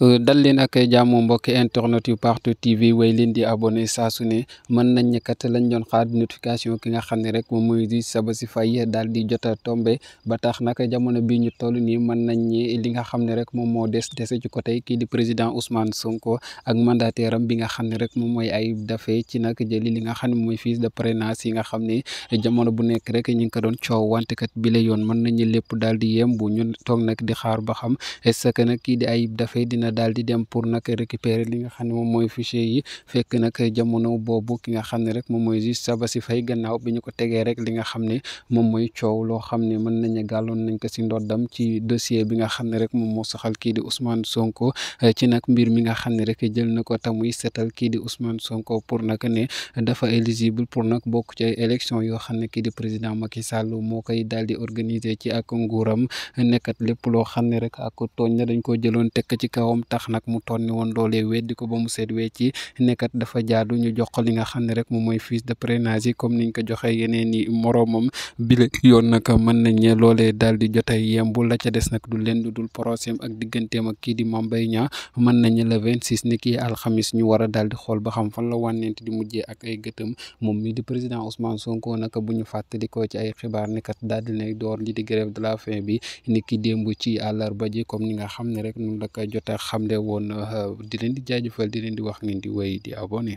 Euh, dal leen ak jàmm mbokki internet yu partout TV way leen di abonné saa ne mën nañ ne kat lañ doon notification ki nga xam ne rek moom mooy di Sabassy Faye daal di jot a tombé ba tax nag jamono bi ñu toll nii mën nañ li nga xam ne rek moom moo des dese ci côté kii di président Ousmane Sonko ak mandataire am bi nga xam ne rek moom mooy Ayib Daffé ci nag jëli li nga xam ne mooy fiche de parrainage yi nga xam ne jamono bu nekk rek ñu ngi ko wante kat bi la yoon mën nañu lépp daal di yem bu ñu toog nag di xaar ba xam est-ce que Ayib Daffé dina. na daal di dem pour nag récupérer li nga xam ne moom mooy fichier yi fekk nag jamono boobu ki nga xam ne rek moom mooy juge Sabassy Faye gannaaw bi ñu ko tegee rek li nga xam ne moom mooy coow loo xam ne mën nañu gàlloon nañ ko si ndoddam ci dossier bi nga xam ne rek moom moo soxal kii di Ousmane Sonko ci nag mbir mi nga xam ne rek jël na ko tamuy seetal kii di Ousmane Sonko pour nag ne dafa éligible pour nag bokk ci ay élection yoo xam ne kii di président Macky Sall moo koy daal di organiser ci ak nguuram nekkat lépp loo xam ne rek ak tooñ na dañ ko jëloon tekk ci kawam moom tax nag mu tonni woon loolee weddi ko ba mu seet wee ci nekkat dafa jaadu ñu jox ko li nga xam ne rek moom mooy fiche de parrainage yi comme niñ ko joxee yeneen i moroomam bile yoon nag mën nañ di jotay yembul la ca des nag du leen dul procès ak digganteem ak kii di ni ñu war a daal di ba xam fan la wànneent di mujjee di président Ousmane Sonko nag bu ñu fàttali ko di nay door li di grève de la faim bi ni ki démb ci àllarba nga xam ne rek noonu la ko jot a xamle woon euh, di leen di jaajëfal di leen di wax ngeen di wéy di abone